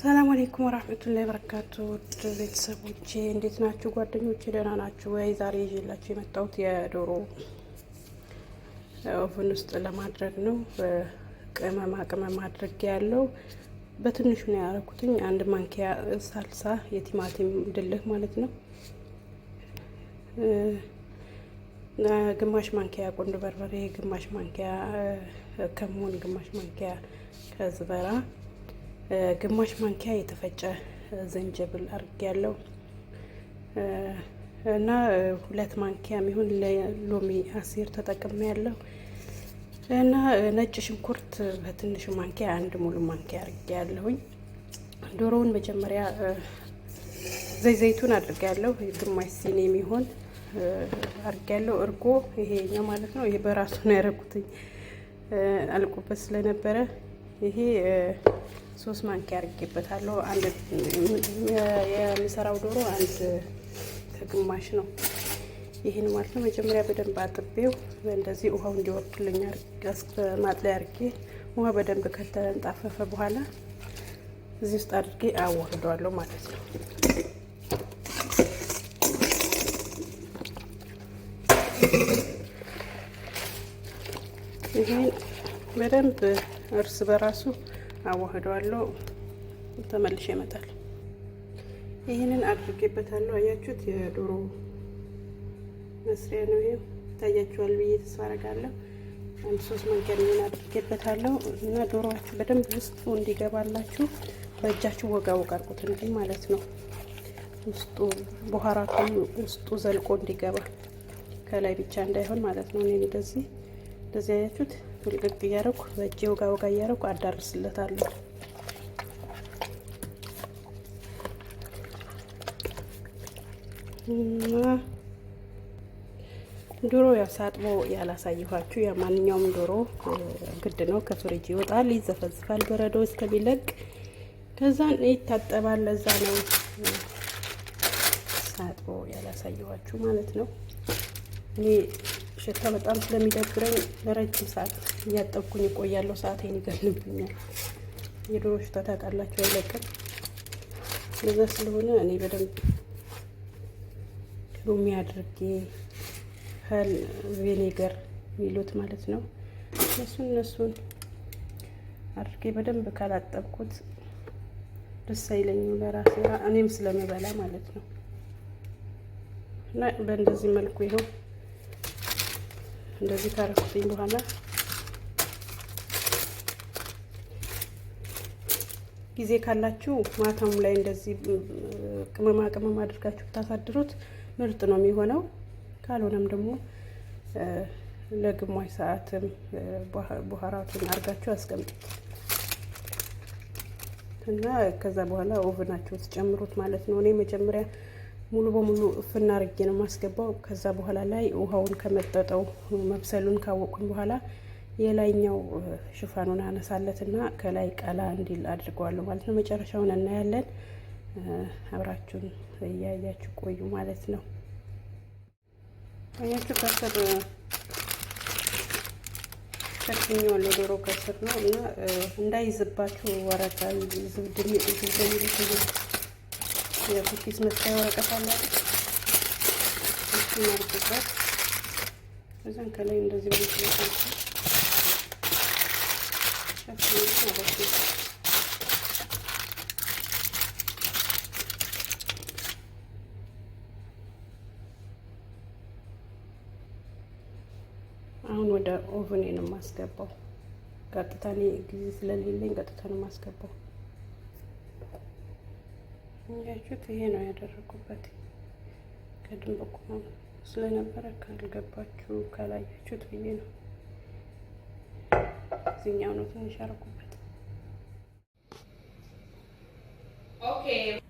ሰላም አለይኩም ወራህመቱላሂ ወበረካቱ ውድ ቤተሰቦቼ እንዴት ናችሁ? ጓደኞቼ ደህና ናችሁ ወይ? ዛሬ ይዤላችሁ የመጣሁት የዶሮ ኦቨን ውስጥ ለማድረግ ነው። ቅመማ ቅመም አድርጌ ያለው በትንሹ ነው ያደረኩትኝ። አንድ ማንኪያ ሳልሳ የቲማቲም ድልህ ማለት ነው፣ ግማሽ ማንኪያ ቆንዶ በርበሬ፣ ግማሽ ማንኪያ ከሙን፣ ግማሽ ማንኪያ ከዝበራ ግማሽ ማንኪያ የተፈጨ ዝንጅብል አርግ ያለው እና ሁለት ማንኪያ የሚሆን ለሎሚ አሲር ተጠቅሜ ያለው እና ነጭ ሽንኩርት በትንሹ ማንኪያ አንድ ሙሉ ማንኪያ አርግ ያለሁኝ። ዶሮውን መጀመሪያ ዘይ ዘይቱን አድርግ ያለው ግማሽ ሲኒ የሚሆን አርግ ያለው እርጎ ይሄኛው ማለት ነው። ይሄ በራሱ ነው ያደረጉትኝ አልቁበት ስለነበረ ይሄ ሶስት ማንኪያ አድርጌበታለሁ። አንድ የሚሰራው ዶሮ አንድ ከግማሽ ነው ይህን ማለት ነው። መጀመሪያ በደንብ አጥቤው እንደዚህ ውሃው እንዲወርድልኝ ማጥለያ አድርጌ ውሃ በደንብ ከተንጣፈፈ በኋላ እዚህ ውስጥ አድርጌ አዋህደዋለሁ ማለት ነው። ይህን በደንብ እርስ በራሱ አዋህደዋለሁ። ተመልሼ ይመጣል ይህንን አድርጌበታለሁ። አያችሁት? የዶሮ መስሪያ ነው። ይሄው ይታያችኋል ብዬ ተስፋ አደርጋለሁ። አንድ ሶስት መንገድ ምን አድርጌበታለሁ እና ዶሮዋችሁ በደንብ ውስጡ እንዲገባላችሁ በእጃችሁ ወጋ ወጋ አድርጉት እንዲህ ማለት ነው። ውስጡ በኋራቱም ውስጡ ዘልቆ እንዲገባ ከላይ ብቻ እንዳይሆን ማለት ነው። እኔ እንደዚህ እንደዚህ አያችሁት ልቅቅ እያደረኩ በእጄ ውጋ ውጋ እያደረኩ አዳርስለታለሁ። ዶሮ ያው ሳጥቦ ያላሳየኋችሁ የማንኛውም ዶሮ ግድ ነው። ከፍሪጅ ይወጣል፣ ይዘፈዝፋል በረዶ እስከሚለቅ ከዛን ይታጠባል። ለዛ ነው ሳጥቦ ያላሳየኋችሁ ማለት ነው እኔ ሽታ በጣም ስለሚደብረኝ ለረጅም ሰዓት እያጠብኩኝ እቆያለሁ። ሰዓቴን ይገልብኛል። የዶሮ ሽታ ታውቃላችሁ፣ አይለቅም። ለዛ ስለሆነ እኔ በደንብ ሎሚ አድርጌ ሀል ቬኔገር የሚሉት ማለት ነው። እነሱን እነሱን አድርጌ በደንብ ካላጠብኩት ደስ አይለኝም ለራሴ እኔም ስለምበላ ማለት ነው። እና በእንደዚህ መልኩ ይኸው እንደዚህ ካረኩትኝ በኋላ ጊዜ ካላችሁ ማታም ላይ እንደዚህ ቅመማ ቅመም አድርጋችሁ ብታሳድሩት ምርጥ ነው የሚሆነው። ካልሆነም ደግሞ ለግማሽ ሰዓትም ቡሃራቱን አድርጋችሁ አስቀምጡት እና ከዛ በኋላ ኦቨናችሁ ትጨምሩት ማለት ነው። እኔ መጀመሪያ ሙሉ በሙሉ እፍና አርጌ ነው ማስገባው። ከዛ በኋላ ላይ ውሃውን ከመጠጠው መብሰሉን ካወቁኝ በኋላ የላይኛው ሽፋኑን አነሳለትና ከላይ ቀላ እንዲል አድርገዋለሁ ማለት ነው። መጨረሻውን እናያለን። አብራችሁን እያያችሁ ቆዩ ማለት ነው። አያችሁ ከስር ሸፍኛውን ዶሮ ከስር ነው እና እንዳይዝባችሁ ወረዳ ዝብድ የኩኪስ መስሪያ ወረቀት አለ ማርበት እዛን ከላይ እንደዚህ አሁን ወደ ኦቨኔ ነው የማስገባው። ቀጥታ እኔ ጊዜ ስለሌለኝ ቀጥታ ነው የማስገባው። እያችሁት ይሄ ነው ያደረኩበት። ከድንበቁ ስለነበረ ካልገባችሁ ካላያችሁት ብዬ ነው። እዚኛው ነው ትንሽ ያደረኩበት። ኦኬ